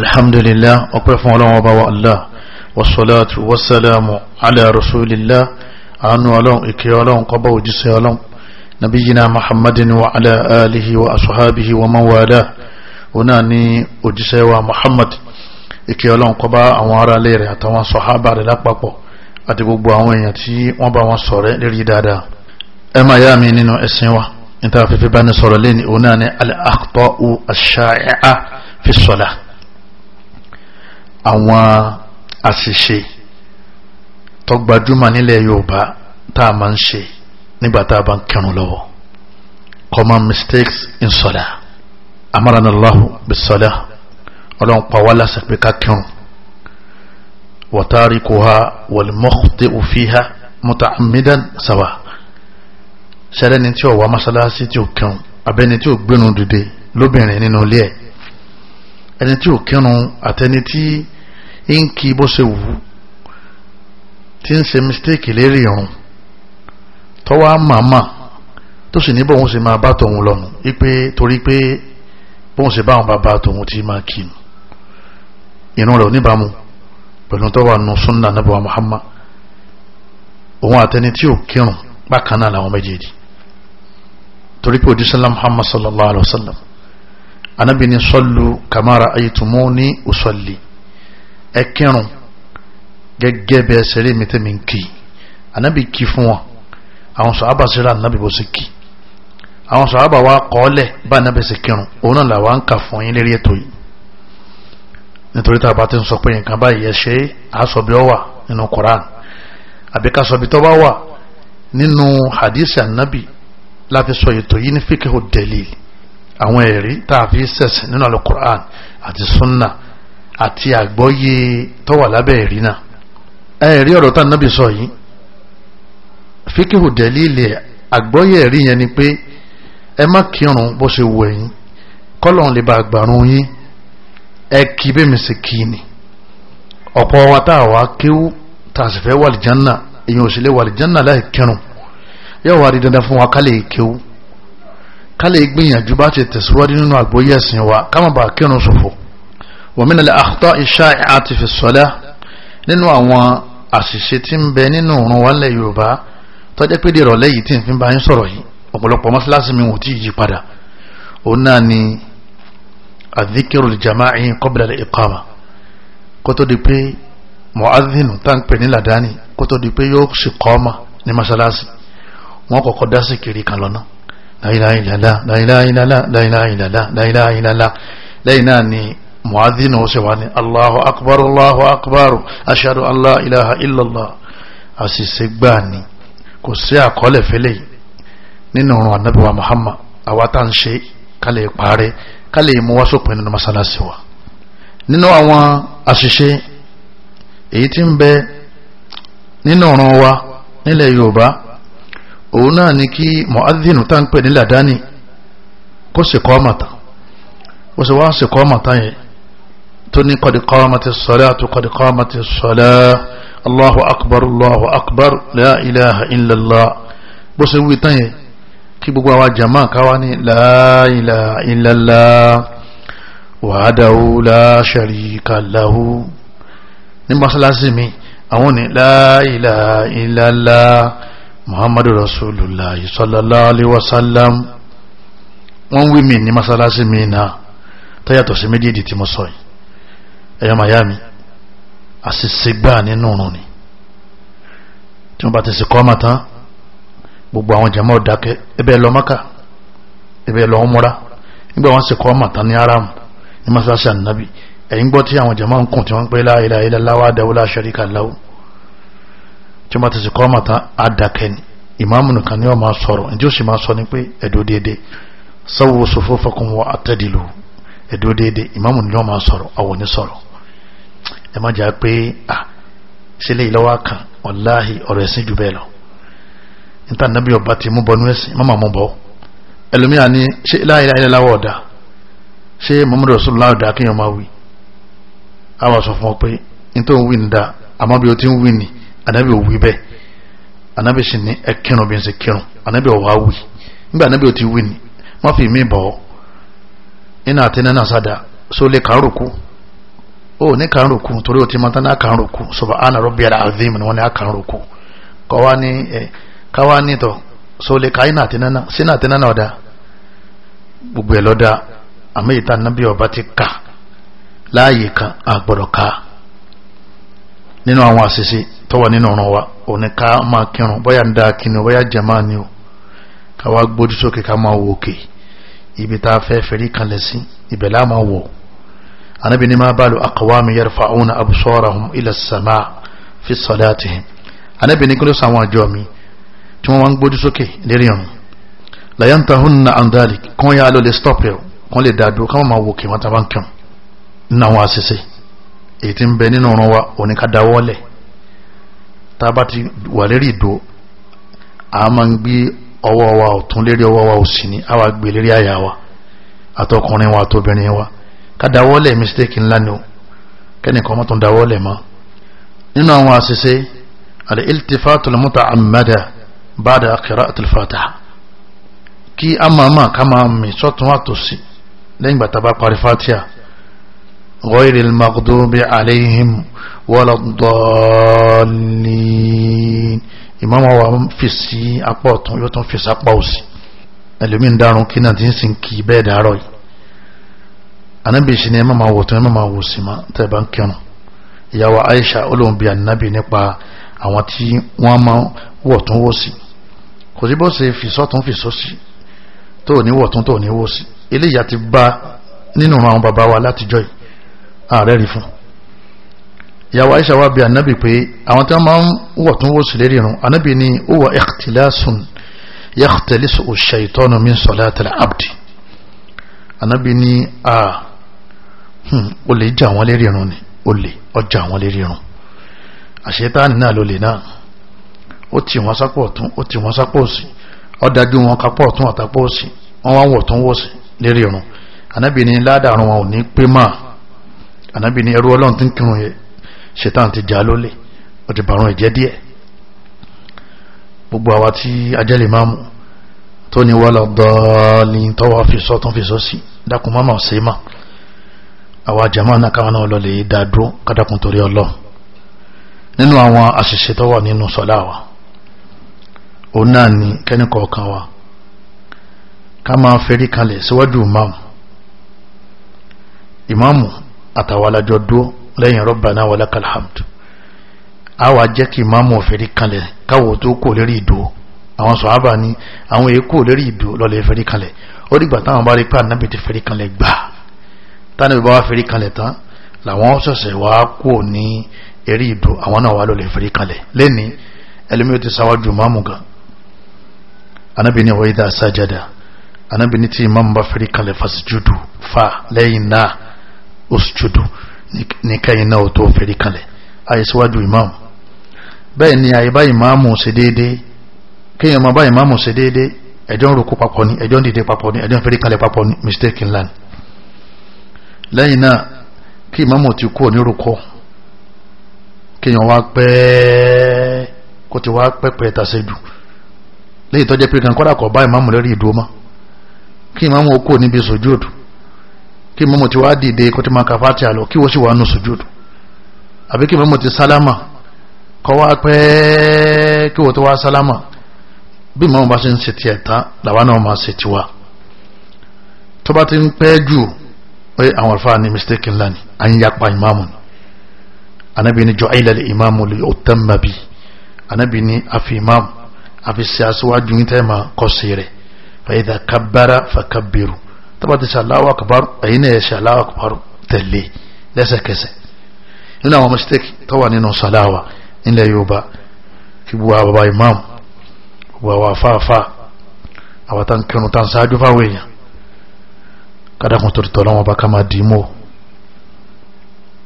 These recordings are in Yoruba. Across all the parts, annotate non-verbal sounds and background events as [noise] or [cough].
alhamdulillah ọpẹ́ fún ọlọ́run ọba wa allah wasalaatu wasalaamu ala rasulillah àánú ọlọ́run ìkẹ́ ọlọ́run kọ́bọ̀ òjíṣẹ́ ọlọ́run nabiyina muhammadin wa ala alihi wa asuhabihi wa man wala ona ni òjíṣẹ́ wa muhammad ìkẹ́ ọlọ́run kọ́bá àwọn ará ilé rẹ̀ àtàwọn sọ̀hábà rẹ̀ lápapọ̀ àti gbogbo àwọn èèyàn tí wọ́n bá wọn ṣọ̀rẹ́ lérí dáadáa ẹ máa yá mi nínú ẹ̀sìn wa níta fífi bá ní sọ̀rọ̀ lẹ́ni ona ni al-akhta'u ash fi s àwọn àṣìṣe tó gbajúmọ̀ nílẹ̀ Yorùbá tá a máa ń ṣe nígbà tá a bá ń kírun lọ́wọ́ common mistakes in sọ́dà amarana Allahu bisọ́dà ọlọ́run pa wá láṣẹ pé ká kírun wa tarikuha wal mukhti'u fiha muta'ammidan sawa sẹ́lẹ̀ni tí ó wá mọ́sálásí tí ó kírun abẹ́ni tí ó gbénu dìde lóbìnrin nínú ilé ẹ̀ ẹni tí ó kírun àtẹni tí ń kí bó ṣe wù ú tí ń ṣe mistake lérí irun tọ́wọ́ màmá tó sì ní bóun ṣe máa bá tòun lọ́nu wípé torí pé bóun ṣe báwọn bàbá tòun ti máa kí nu irun rẹ̀ oníbàámu pẹ̀lú tọ́wọ́ nu sunna nàbàwà Muhammad òun àtẹni tí ò kírun bákan náà làwọn méjèèjì torí pé òjíṣẹ́lá Muhammad sallallahu alaihi wa sallam anábìíní sallu kamara ayitumuni usalli ẹ kírun gẹ́gẹ́ bí ẹsẹ̀ rí mi tẹ́mi ń kì í ànábì kì í fún wọn àwọn sọ̀hábà sí ra ànábì bó ṣe kì í àwọn sọ̀hábà wa kọ́ọ́lẹ̀ bá ànábì ṣe kírun òun náà làwa ń kà fún yín lérí ètò yìí nítorí tá a bá ti ń sọ pé nǹkan báyìí ẹ ṣe àásọ nínú Quran àbí ká sọ bí bá wà nínú hadith ànábì láti sọ ètò yìí ní fíkẹ́ òdẹ̀lì àwọn ẹ̀rí tá a fi ṣẹ̀sìn nínú àlùkùrán àti sunna àti àgbọ́yé tó wà lábẹ́ ẹ̀rí náà ẹ̀rí ọ̀rọ̀ tá nábì sọ yìí fíkìhù dẹ̀lílẹ̀ àgbọ́yé ẹ̀rí yẹn ni pé ẹ má kírun bó ṣe wù ẹ̀yin kọ́lọ̀ lè bá àgbàrún yín ẹ kí bẹ́ẹ̀ sì kí ni ọ̀pọ̀ wa tá a wá kéwú tá a sì fẹ́ wà lìjánà èyàn ò sì lè wà lìjánà láì kírun yóò wá rí dandan fún wa ká lè kéwú ká lè gbìyànjú bá ti tẹ̀síwájú nínú àgbọ́yé ẹ̀sìn wa ká má bàa kírun ṣòfò wa min al-akhta'i ash-sha'i'ati fi as-salah nínú àwọn àṣìṣe tí ń bẹ nínú òrùn wa lẹ̀ yorùbá tó jẹ́ pé dèrò lẹ́yìn tí n fi bá yín sọ̀rọ̀ yìí ọ̀pọ̀lọpọ̀ mọ́sálásí mi wò tí yí padà òun náà ni adhikiru al-jama'i qabla al-iqama kó tó di pé mu'adhdhinu tá ń pè ní làdáni kó tó di pé yóò sì kọ́ ọ́mà ní mọ́sálásí wọ́n kọ́kọ́ dá sí kiri kan lọ́nà láìláìlàlá láìláìlàlá láìláìlàlá láìláìlàlá lẹ́yìn náà ni muadhin ó sì wá ní Allahu akbar Allahu akbar ashadu an la ilaha illallah àṣìṣe gbáà ni kò sí àkọọ́lẹ̀ fẹ́lẹ̀ nínú ọ̀run ànábì wa Muhammad àwa tá à ń ṣe kálẹ̀ parẹ́ kálẹ̀ mú nínú masalasi wa nínú àwọn àṣìṣe èyí tí ń bẹ nínú ọ̀run wa nílẹ̀ Yorùbá òun náà ni kí mọ̀ádìnù tá ń pè ní làdáni kó sì kọ́ ọmọ ó sì wá sì kọ́ ọmọ yẹn تني قد قامت الصلاة قد قامت الصلاة الله أكبر الله أكبر لا إله إلا الله بسوي تاني كي بقوا جماعة كواني لا إله إلا الله وعده لا شريك له نبقى سلاسمي أوني لا إله إلا الله محمد رسول الله صلى الله عليه وسلم wọ́n wí mi ní masalasi mi náà tó yàtọ̀ sí méjèèjì tí mo sọ yìí ẹ̀yà miami àṣìṣe gbà nínú òrùn ni tí wọ́n bá ti sì kọ́ ọmọ tán gbogbo àwọn jẹ̀mọ́ dákẹ́ ẹbẹ̀ lọ mọ́kà ẹbẹ̀ lọ ọmọra nígbà wọn sì kọ́ ọmọ tán ní aram ní masalasi anabi ẹ̀yìn gbọ́ tí àwọn jẹ̀mọ́ ń kùn tí wọ́n ń pè la ilaha illallah wahdahu la sharika lahu tí wọ́n bá ti sì kọ́ ọmọ tán àdàkẹ́ ni ìmáàmù nìkan ni wọ́n máa sọ̀rọ̀ ǹjẹ́ ẹ̀dọ́ déédéé atadilu ẹ̀dọ́ déédéé ìmáàmù ni wọ́n máa sọ̀rọ̀ àwọn ò ẹ má jà pé à sílé ìlọ́wọ́ kan ọ̀láhì ọ̀rọ̀ ẹ̀sìn jù bẹ́ẹ̀ lọ níta nàbí ọba ti mú bọnú ẹ̀sìn má má mú bọ́ ẹlòmíà ni ṣé láìláì lẹ́láwọ̀ ọ̀dà ṣé muhammadu rasulullah ọ̀dà máa wí a wà sọ fún ọ pé nítorí òun wí da àmọ́ bí o ti ń wí ni ànábì ò wí bẹ́ẹ̀ ànábì sì ní ẹ kírun bí n sì kírun ànábì ò wá wí nígbà ànábì ò ti wí ni wọ́n fi mí bọ̀ ọ́ iná àti kárùkù O ní kàn rúkú torí ó ti mọ tán ní àkàn rúkú subhana rabbiyal azim ni wọ́n ní àkàn rúkú kọ́ wá ní ẹ̀ káwá nítọ̀ so lè ka iná àtinánà sínú àtinánà ọ̀dà gbogbo ẹ̀ lọ́dà àmì ìta nábì ọba ti kà láàyè kan àgbọ̀dọ̀ ká nínú àwọn àṣìṣe tó nínú ọ̀ràn wa òní ká máa kírun bóyá ń da kíni bóyá jẹ̀máà ni o ká gbójú sókè ká máa wò òkè ibi tá a fẹ́ fẹ́rí kanlẹ̀ sí ibẹ̀ láà máa wò anabi ni ma balu aqwami yarfa'una absarahum ila as-sama' fi salatihim anabi ni kilo sawon ajo mi tí wọ́n wan gbójú sókè lérí on la yantahunna an dhalik kon ya lo le stop yo kon le dadu kan ma wo ke won ta ban kan na wa sese e tin be nínú ran wa oni ka dawo le tá ti wà lérí a ma ń gbé ọwọ́ wa ọ̀tún lérí ọwọ́ wa òsì ni a wá gbé lérí àyà wa àtọkùnrin wa àtobìnrin wa ká dáwọ́lẹ̀ mistake ńlá ni o kẹ́nìkan mọ́tún dáwọ́lẹ̀ mọ́ nínú àwọn àṣìṣe al-iltifatul muta'ammada ba'da qira'atil fatiha kí a máa máa ká máa mì sọ́tún àtòsí lẹ́yìn gbàtà bá parí fatiha ghayril maghdubi alayhim waladdallin ìmáàmù wa fi sí apá ọ̀tún yóò tún fi sápá òsì ẹlòmíín dárun kí náà ti ń sìn kí bẹ́ẹ̀ dárọ̀ yìí anabi sì ni ẹ má máa wò tún ẹ má máa wò sí ma tẹ́ ẹ bá ń kírun ìyàwó Aisha olóhùn bíi anabi nípa àwọn tí wọ́n máa wọ̀ tún wò sí kò sí bó ṣe fìsọ́tún fìsọ́sí tó ní wọ̀tún tó ní wò sí eléyìí àti bá nínú àwọn bàbá wa látijọ́ yìí ààrẹ rí fún ìyàwó Aisha wa bí anabi pé àwọn tí wọ́n máa ń wọ̀tún wò sí lérí irun anabi ni ó wọ ẹ̀kìtìlásùn yàtẹ̀lẹ́sọ̀ min sọ̀lá tẹ̀lé abdi anabi ni a. Ah, Hmm, o lè jà wọ́n lérí irun ni o lè ọjà wọ́n lérí irun àṣetáni náà ló lè náà ó tì wọ́n sápọ̀ ọ̀tún ó tì wọ́n sápọ̀ òsì ó dájú wọn kapọ̀ ọ̀tún àtàpọ̀ òsì wọ́n wá wọ̀ tún wọ̀ sí lérí irun ànábì ní ládàrún wọn ò ní pé máa ànábì ní ẹrú ọlọ́run tí ń kírun yẹ ṣetán ti jà lólè ó bàrún ẹ̀jẹ̀ díẹ̀ gbogbo àwa tí ajẹ́lè máa mú tó ní wọ́lọ̀ tọ́wọ́ fi sọ́tún fi sọ́sì dákun máma ọ̀sẹ̀ máa àwa jama náà káwọn náà lọlẹ̀ dádúró kádàkùn torí ọlọ́ nínú àwọn àṣìṣe tó wà nínú sọ́lá wa òun náà ni kẹ́nìkọ̀ọ̀kan wa ká máa fẹ́rí kalẹ̀ síwájú ìmáàmù ìmáàmù àtàwọn alájọ dúó lẹ́yìn Rabbana wa lakal hamd a wà jẹ́ kí ìmáàmù fẹ́rí kalẹ̀ káwọ̀ tó kò lérí ìdúó àwọn sọ̀hábà ni àwọn èkó lérí ìdúó lọ́lẹ̀ fẹ́rí kalẹ̀ ó dìgbà táwọn bá rí pé ànábì ti fẹ́rí kalẹ̀ gbàá tani bàbá wa fèrè kalẹ̀ tán làwọn ṣẹ̀ṣẹ̀ wá kú ní eré ìdò àwọn náà wà lọ́lẹ̀ fèrè kalẹ̀ lẹ́ni ẹlẹ́mí ó ti sáwájú máàmù gan anábì ní wa idha sajada anábì ní tí ìmáàmù bá fèrè kalẹ̀ fasjudu fa lẹ́yìn náà usjudu ní kẹ́yìn náà ó tó fèrè kalẹ̀ ayé síwájú ìmáàmù bẹ́ẹ̀ ni àyè bá ìmáàmù ṣe déédéé kéèyàn máa bá ìmáàmù ṣe déédéé ẹjọ́ ń rúkú papọ̀ ni ẹjọ́ ń dìde papọ̀ ni ẹjọ́ ń fèrè kalẹ̀ papọ̀ ni mistake ńlá ni lẹ́yìn náà kí ìmáàmù ti kú onírúkọ kéèyàn wá pẹ́ kó ti wá pẹ́pẹ́ tàṣẹ́jù lẹ́yìn tó jẹ́ pé kan kọ́dà kọ́ bá ìmáàmù lórí ìdúró mọ́ kí ìmáàmù ó kú níbi sòjúdù kí ìmáàmù ti wá dìde kó ti máa kà fàtì àlọ́ kí wọ́n sì wà nù sòjúdù àbí kí ìmáàmù ti sálámà kọ́ wá pẹ́ kí wọ́n tó wá sálámà bí ìmáàmù bá ṣe ń ṣe tiẹ̀ tán làwọn náà máa ṣe tiwa tó bá ti ń pẹ́ jù oye àwọn alfa ni mistake ńlá ni à ń yapa ìmáàmù ni anabi ni ju'ila li ìmáàmù li utamma bi anabi ni àfi ìmáàmù àfi sí aṣíwájú yín tẹ́ máa kọ́ sí rẹ̀ fa idha kabbara fa kabbiru tọ́ba ti Allahu akbar ẹ̀yin náà ṣe Allahu akbar tẹ̀lé lẹ́sẹ̀kẹsẹ̀ nínú àwọn mistake tó wà nínú sàláwà nílẹ̀ Yorùbá kí gbogbo àwọn baba imam gbogbo àwọn afáàfáà àwọn tá ń kírun tá fáwọn èèyàn kádàkùn torí tọ́ lọ́wọ́ bá ká máa dì í mọ́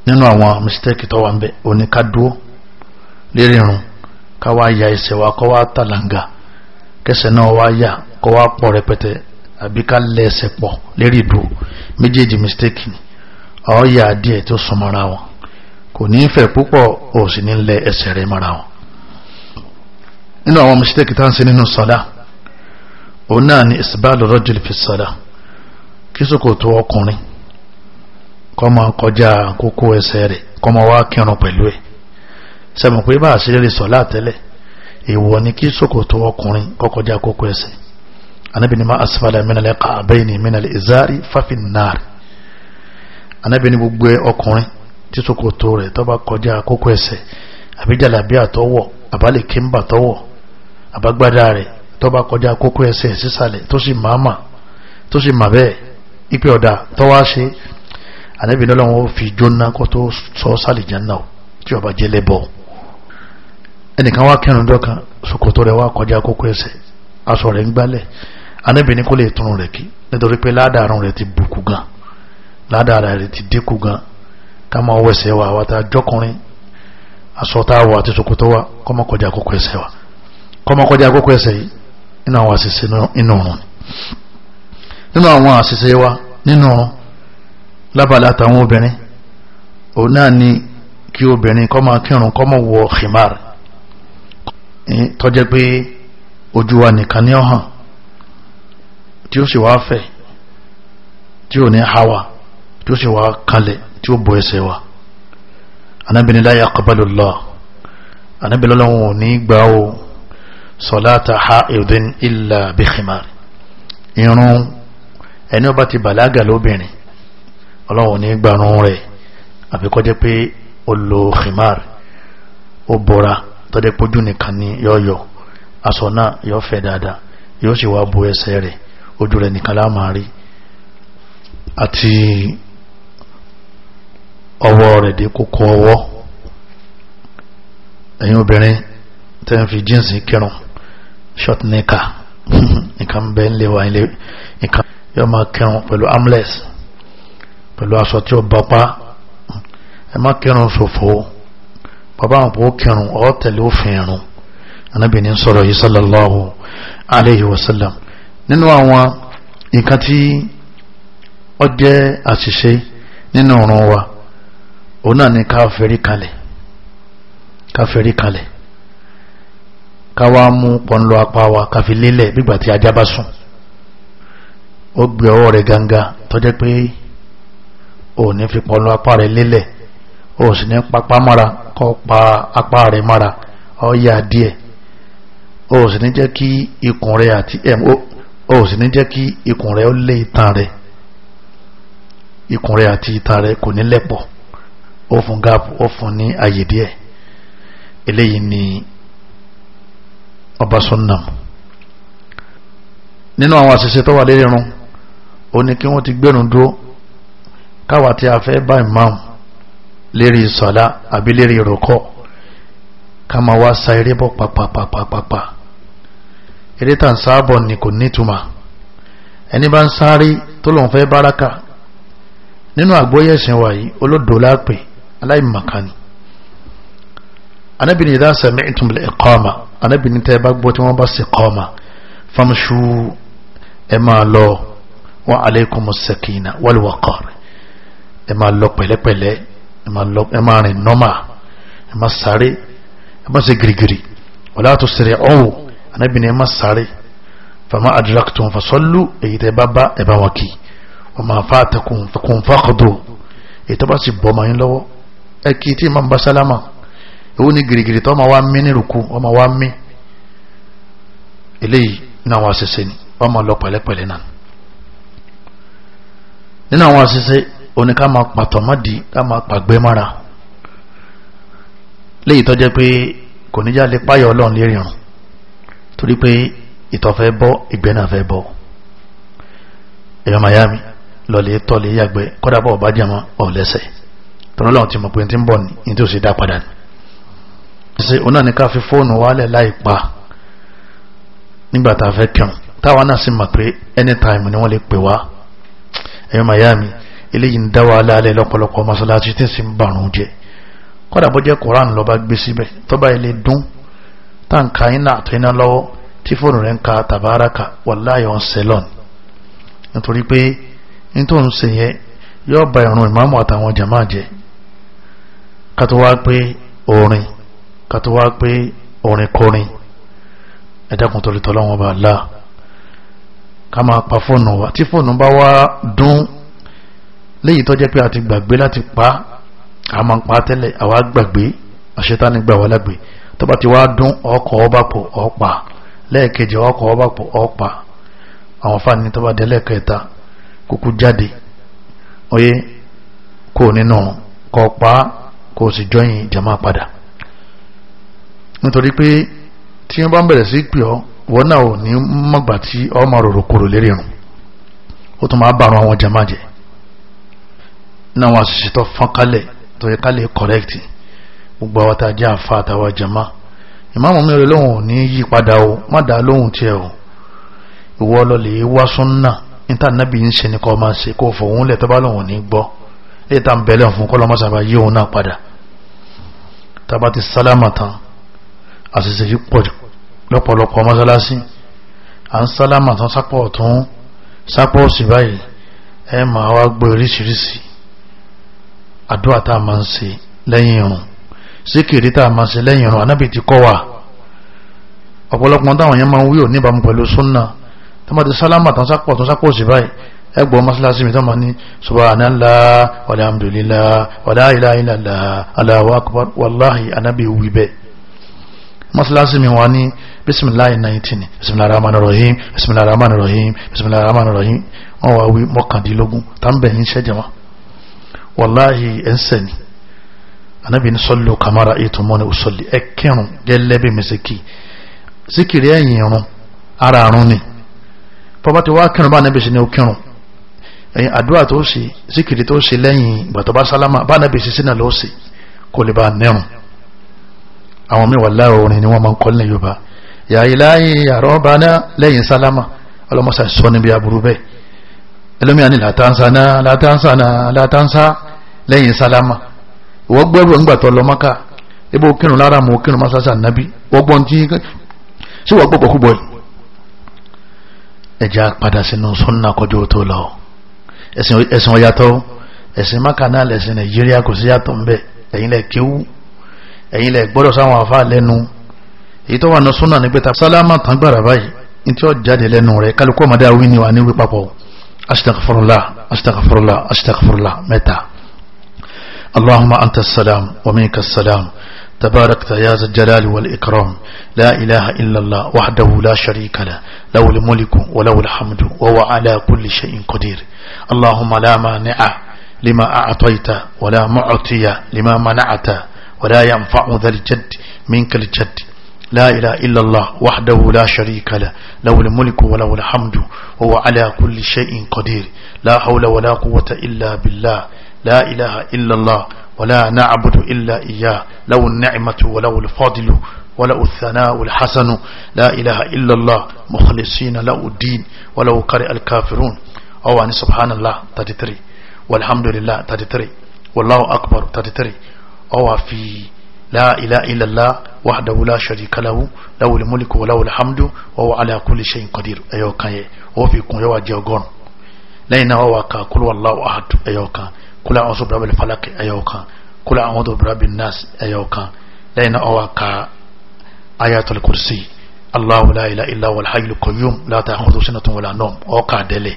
nínú àwọn mistake tó wà ń bẹ oníkádúó lérí irun ká wá ya ẹsẹ̀ wa kọ́ wá tàlàǹgà kẹsẹ̀ náà wá yà kọ́ wá pọ̀ rẹpẹtẹ àbí ká lẹ ẹsẹ̀ pọ̀ lérí ìdúró méjèèjì mistake ni ọ̀ yà díẹ̀ tó sún wọn kò ní í fẹ̀ púpọ̀ sì ní lẹ ẹsẹ̀ rẹ mọ́ra wọn. nínú àwọn mistake tá à ń ṣe ni isbal rajul fi sọ́dá kí ṣòkòtò ọkùnrin kó máa kọjá kókó ẹsẹ̀ rẹ̀ kó máa wá kírun pẹ̀lú ẹ̀ sẹ́mi pé bá àṣírí lè sọ látẹ́lẹ̀ èèwọ̀ ni kí ṣòkòtò ọkùnrin kó kọjá kókó ẹsẹ̀ anábìíní ma asfala minal qa'bayni minal izari fafin nar anábìíní gbogbo ọkùnrin tí ṣòkòtò rẹ̀ tó bá kọjá kókó ẹsẹ̀ àbí jàlábíà tó wọ̀ àbálẹ̀ kíńbà tó wọ̀ àbágbádá rẹ̀ tó bá kọjá kókó ẹsẹ̀ sísàlẹ̀ tó sì máa mà tó sì mà bẹ́ẹ̀ ipe ọ̀dà tọ́wá ṣe ànábì lọ́lọ́wọ́ fi jóná kó tó sọ sálì jẹ́nà tí ọba jẹ́ lẹ́bọ̀ ẹnìkan wá kẹrùn dọ́kan ṣòkòtò rẹ̀ wá kọjá kókó ẹsẹ̀ aṣọ rẹ̀ ń gbálẹ̀ ànábì ní kó lè tún rẹ̀ kí nítorí pé ládàárùn rẹ̀ ti bùkù gan ládàárà rẹ̀ ti dínkù gan ká máa wẹsẹ̀ wa àwa jọkùnrin aṣọ tá a wọ àti ṣòkòtò wa kó kókó ẹsẹ̀ wa kó kókó ẹsẹ̀ yìí inú àwọn àṣìṣe inú ọ̀run ni nínú àwọn àṣìṣe wa nínú lábàlá àtàwọn obìnrin òun náà ni kí obìnrin kọ́ máa kírun kọ́ máa wọ khimar tọ́jẹ́ pé ojú wa nìkan ní ọ̀hàn tí ó sì wá fẹ̀ tí ò ní hawa tí ó sì wá kalẹ̀ tí ó bo ẹsẹ̀ wa anábìnrin la yaqbalu Allah anábìnrin lọ́wọ́ ní gbà ó salata ha'idin illa bi khimar irun ẹni ọba ti bàlágà lóbìnrin ọlọ́run ní gbarun rẹ̀ àbíkọ́ pé ó lo khimar ó bọ́ra tọ́jẹ́ pójú nìkan ní yọ́yọ́ aṣọ náà yọ́ fẹ́ dáadáa yóò sì wá bo ẹsẹ̀ rẹ̀ ojú rẹ̀ nìkan láàmà rí àti ọwọ́ rẹ̀ dé kókó ọwọ́ ẹ̀yin obìnrin tẹ́ ń fi jíǹsì kírun short necker [laughs] nǹkan bẹ́ẹ̀ ń lé wa nǹkan yóò máa kẹrun pẹ̀lú amles pẹ̀lú aṣọ tí ó bapá ẹ má kẹrun ṣòfò bàbá àwọn òpó kẹrun ọ tẹ̀lé òfin ẹ̀rùn anábì ní sọ̀rọ̀ yìí sallallahu alayhi wa sallam nínú àwọn nǹkan tí ó jẹ́ àṣìṣe nínú ọ̀run wa òun náà ni ká fẹ́rí kalẹ̀ ká fẹ́rí kalẹ̀ ká wá mú pọ̀nlọ apá wa ká fi lélẹ̀ nígbà tí ajá bá sùn ó gbé ọwọ́ rẹ̀ ganga tó jẹ́ pé ò ní fi pọlọ apá rẹ̀ lélẹ̀ ò sì ní papá mara kọ́ pa apá rẹ̀ mara ọ yà díẹ̀ ò sì ní jẹ́ kí ikùn rẹ̀ àti mo ò sì ní jẹ́ kí ikùn rẹ̀ ó lé itan rẹ̀ ikùn rẹ̀ àti itan rẹ̀ kò ní lẹ̀pọ̀ ó fún gáàpù ó fún ní àyè díẹ̀ eléyìí ni ọba sunnam nínú àwọn àṣìṣe tó wà lérí irun ó ní kí wọ́n ti gbẹ̀rún dúró káwa tí a fẹ́ bá imam lérí sọ̀lá àbí lérí ìrọ̀kọ́ ká máa wá sa eré bọ̀ pàpàpàpàpà eré tà ń sáábọ̀ ni kò nítumọ̀ ẹni bá ń sáré tó lòun fẹ́ báraka nínú àgbóyè ẹ̀sìn wa yìí olódò lápè aláìmọ̀kánì anábìnrin idha sami'tum bil iqama anábìnrin tẹ́ bá gbọ́ tí wọ́n bá sì kọ́ ọmọ famshu ẹ máa lọ wa alaikumus sakina wal waqar ẹ máa lọ pẹ̀lẹ́pẹ̀lẹ́ ẹ máa rìn nọ́mà ẹ máa sáré ẹ máa ṣe gírígírí wala tusri'u anábì ni ẹ máa sáré fama adraktum fasallu èyí tẹ́ bá bá ẹ bá wọn kì wa ma fatakum fakun faqdu èyí tó bá sì bọ́ máa ń lọ́wọ́ ẹ kì í tí máa ń bá sálámà èwo ni gírígírí tó máa wá mí ní rùkú wọ́n máa wá mí eléyìí náà wá ṣẹṣẹ ni wọ́n máa lọ pẹ̀lẹ́pẹ̀lẹ́ náà nínú àwọn àṣìṣe òní ká máa pàtọ́mọ́dì ká máa pàgbẹ́ mára léyìí tó jẹ́ pé kò níjà lè páyọ̀ ọlọ́run lérí rùn torí pé ìtọ̀ fẹ́ bọ́ ìgbẹ́ náà fẹ́ bọ́ ẹ̀yọ́ miami lọ́lẹ̀ tọ́lẹ̀ yàgbẹ́ kọ́dà bọ́ ọba jẹ́mọ́ ọ̀lẹ́sẹ̀ tọ́lọ́ lọ́run ti mọ̀ pé ti ń bọ̀ ní ní tí ó sì dá padà ní. ṣe òun náà ni fi fóònù wálẹ̀ láì pa nígbà tá a fẹ́ kẹun táwa náà sì mọ̀ pé anytime ni wọ́n lè pè wá ẹ̀yọ́ miami eléyìí ń dá wàhálà alẹ́ lọ́pọ̀lọpọ̀ mọ́sálásí tí sì ń bàrùn jẹ kọ́dà bó jẹ́ koran lọ́ba gbé síbẹ̀ tọ́ba ilé dún táǹkà iná àtọ́iná lọ́wọ́ tí fóònù rẹ̀ ń ka tàbáraka wàláyọ̀ ń sẹ́lọ̀n nítorí pé nítorí ṣe yẹn yóò ba ìrun ìmáàmù àtàwọn jàmáà jẹ kátó wá pé orin kátó wá pé orin kọrin ẹ̀dẹ́kùn torí tọ́lọ́wọ́n bá láà ká máa pa fóònù wa tí fóònù bá wá dún léyìí tó jẹ́ pé a ti gbàgbé láti pa a máa pa tẹ́lẹ̀ àwa gbàgbé àṣetáni gbà wá lágbè tó bá ti wá dún ọkọ̀ ọba pọ̀ ọ̀pá lẹ́ẹ̀kejì ọkọ̀ ọba pọ̀ ọ̀pá àwọn fáàní tó bá dé lẹ́ẹ̀kẹta kúkú jáde oyé kò nínú kọ kò sì jọyìn jama padà nítorí pé tí wọ́n bá ń bẹ̀rẹ̀ sí pè ọ́ wọ́nà ò ní mọ̀gbà tí ọmọ rò rokòrò lérí ó tún máa bàrún àwọn jẹ náà wọn àṣìṣe tó fọ́n kálẹ̀ tó yẹ kálẹ̀ correct gbogbo àwọn a àfa àtàwọn jama ìmáàmù mi rẹ lóhùn ní yí padà o má o ìwọ wá níta nábì ń ṣe ni máa ṣe kó lẹ̀ bá lóhùn ní gbọ́ tá ń bẹ̀lẹ̀ fún kọ́ lọ́mọ́sàbà yí òun náà lọ́pọ̀lọpọ̀ mọ́sálásí à ń sálámà tán sápọ̀ ọ̀tún sápọ̀ òsì báyìí ẹ máa wá gbọ́ oríṣiríṣi àdúrà tá a máa ń ṣe lẹ́yìn irun síkìrì tá a máa ṣe lẹ́yìn irun anábì ti kọ́ wa ọ̀pọ̀lọpọ̀ táwọn yẹn máa ń wí ò níbàámu pẹ̀lú súnà tó máa ti sálámà tán sápọ̀ ọ̀tún sápọ̀ òsì báyìí ẹgbọ́n masalasi mi tó ma ní subhanallah walhamdulillah wala ilaha wallahi anábì wíbẹ̀ masalasi mi bisimilayi nineteen bisimilayi rahman rahim bisimilayi rahman rahim bisimilayi rahman rahim wọn wá wí mọ́kàndínlógún tá n bẹ̀ ní sẹ́jẹ̀ wọn wàláhì ẹ̀ńsẹ̀ ni anabi ní sọ́lù kamara ètò mọ́ni òsọ́lì ẹ kírun gẹ́lẹ́ bí mẹ́sẹ̀kì síkìrì ẹ̀yìn irun ara àrùn ni bọ́bá ti wá kírun bá anabi sí ni ó kírun ẹ̀yìn àdúrà tó ṣe síkìrì tó ṣe lẹ́yìn ìgbà tó bá sálámà bá anabi sí sínà ló ṣe kó lè bá nẹ́rùn àwọn mi wà láàrin ni wọ́n máa ń kọ́ nílẹ̀ yorùbá ya ilahi ya rabbana lẹ́yìn sálámà ọlọ́mọsà sọ níbi aburú ni ẹlòmíà ní látàǹsáná látàǹsáná látàǹsá lẹ́yìn sálámà wọ́n gbẹ́rù ńgbà tó lọ mọ́ká ibò kírun lára mọ́ kírun masasa nàbí wọ́n gbọ́n tí sí wọ́n gbọ́ pọ̀kú bọ́ọ̀lù ẹ̀já padà sínú sunna kọjú tó lọ ẹ̀sìn ọ̀yàtọ̀ ẹ̀sìn mákànnà lẹ̀sìn nàìjíríà kò sí yàtọ̀ ńbẹ ẹ̀yin lẹ̀ kéwú ẹ̀yin lẹ̀ gbọ́dọ̀ sáwọn àfáà lẹ́nu èyí tó wà ní súnà ní pẹ́ta sálámà tán gbàrà báyìí ní tí ó jáde lẹ́nu rẹ̀ kálukú ọmọdé awí ni wà ní wípapọ̀ astaghfirullah astaghfirullah astaghfirullah mẹ́ta allahumma anta salam wa minka salam تباركت يا ذا الجلال والإكرام لا إله إلا الله وحده لا شريك له له الملك وله الحمد وهو على كل شيء قدير اللهم لا مانع لما أعطيت ولا معطي لما منعت ولا ينفع ذا الجد منك الجد لا إله إلا الله وحده لا شريك له له الملك وله الحمد وهو على كل شيء قدير لا حول ولا قوة إلا بالله لا إله إلا الله ولا نعبد إلا إياه له النعمة وله الفضل وله الثناء الحسن لا إله إلا الله مخلصين له الدين ولو كره الكافرون أو أن سبحان الله 33 والحمد لله 33 والله أكبر 33 أو في لا إله إلا الله وحده لا شريك له له الملك وله الحمد وهو على كل شيء قدير أيوة كان وفيكم كون يوا جيغون لين هو كل والله أحد أيوة كان كل أعوذ برب الفلق أيوة كان كل أعوذ برب الناس أيوة كان لين هو آيات الكرسي الله لا إله إلا هو الحي القيوم لا تأخذه سنة ولا نوم أو كادلي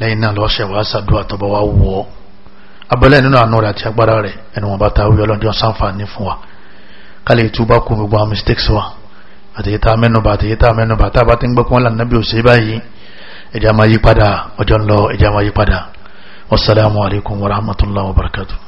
لين هو شيء واسد وتبوا abẹ́lẹ̀ nínú àánú rẹ̀ àti agbára rẹ̀ ẹni wọn bá ta wí ọlọ́dún sànfàní fún wa ká lè túbá kú gbogbo àwọn mistakes wa àtẹ̀yẹta mẹ́nubà àtẹ̀yẹta mẹ́nubà tá a bá ti ń gbọ́ pọ́n lànà bí òṣèré báyìí ẹ̀jẹ̀ máa yí padà ọjọ́ ń lọ ẹ̀jẹ̀ máa yí padà wassalamu alaikum warahmatullahi wabarakatuh